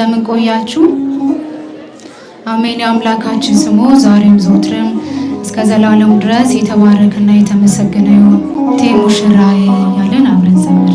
እንደምን ቆያችሁ? አሜን። የአምላካችን ስሙ ዛሬም ዘወትርም እስከ ዘላለም ድረስ የተባረከና የተመሰገነ ይሁን። እቴ ሙሽራዬ እያለን አብረን ዘምር።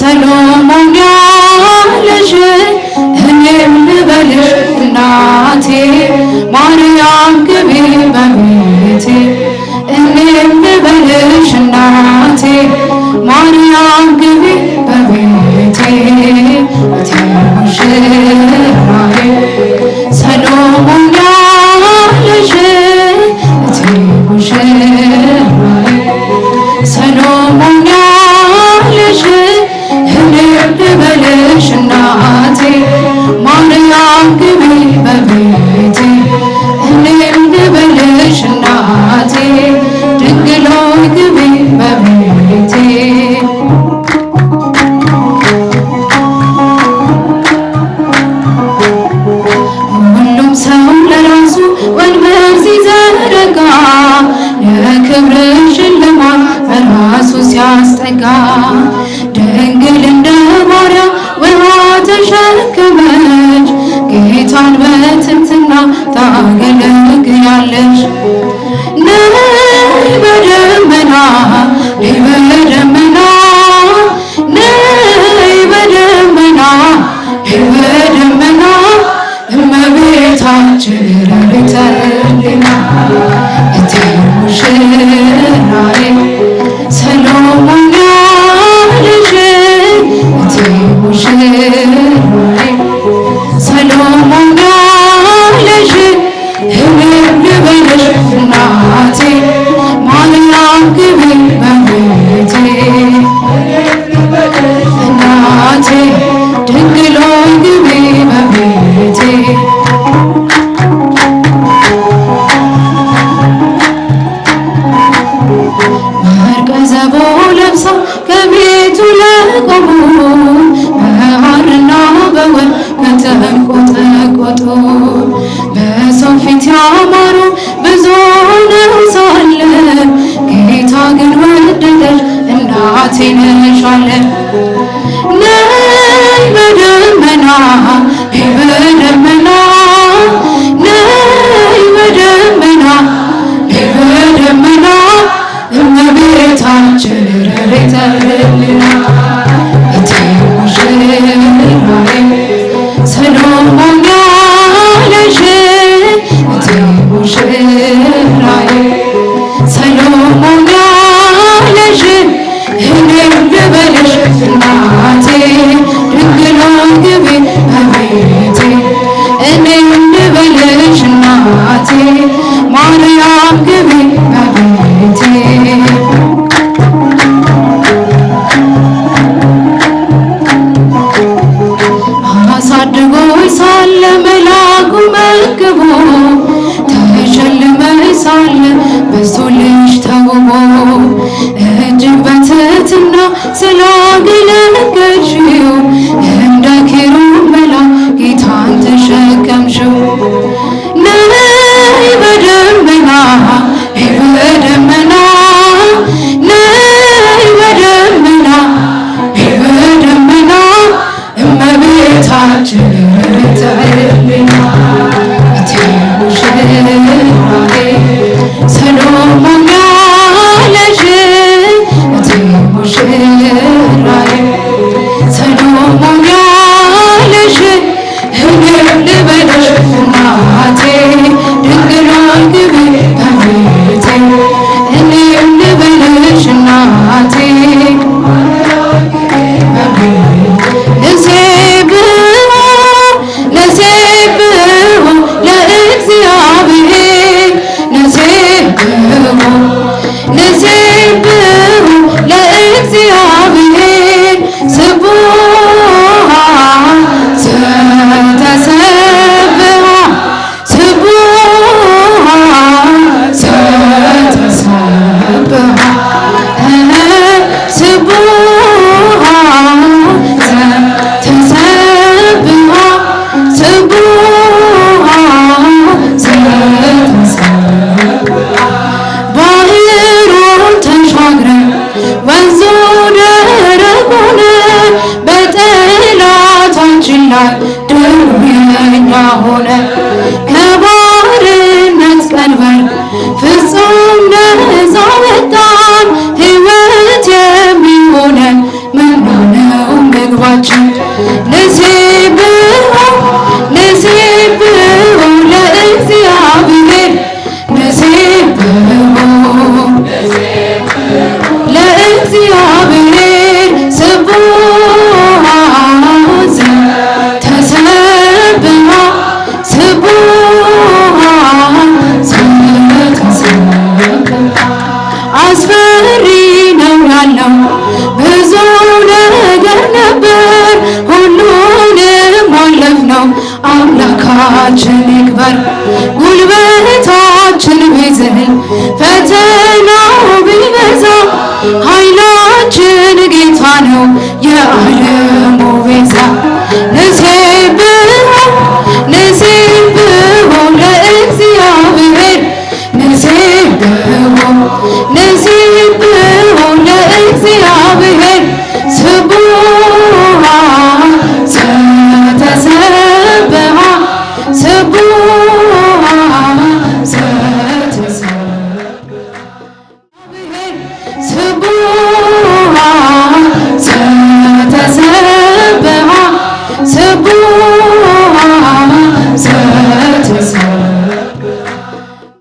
ሰሎሞን ያለሽ እኔም ልበልሽ እናቴ ማርያም ግቢ በቤቴ እኔም ልበልሽ እናቴ ማርያም ግቢ በቤቴ ታገለግያለሽ ነይ በደመና ነይ በደመና ነይ በደመና ነይ በደመና እመቤታችን ረድተልና እቴ ድንግል ሆይ ግቢ በቤቴ ወርቀ ዘቦ ለብሳ ከቤቱ ለቆሙ በሐርና በወርቅ በተንቆጠቆጡ በሰው ፊት ያማሩ ብዙ ነው ሳለ ጌታ ግን ወደደሽ እናቴ ነሽ না আছে মনে আপকে ভেঙে ሰዶም ነው የዓለም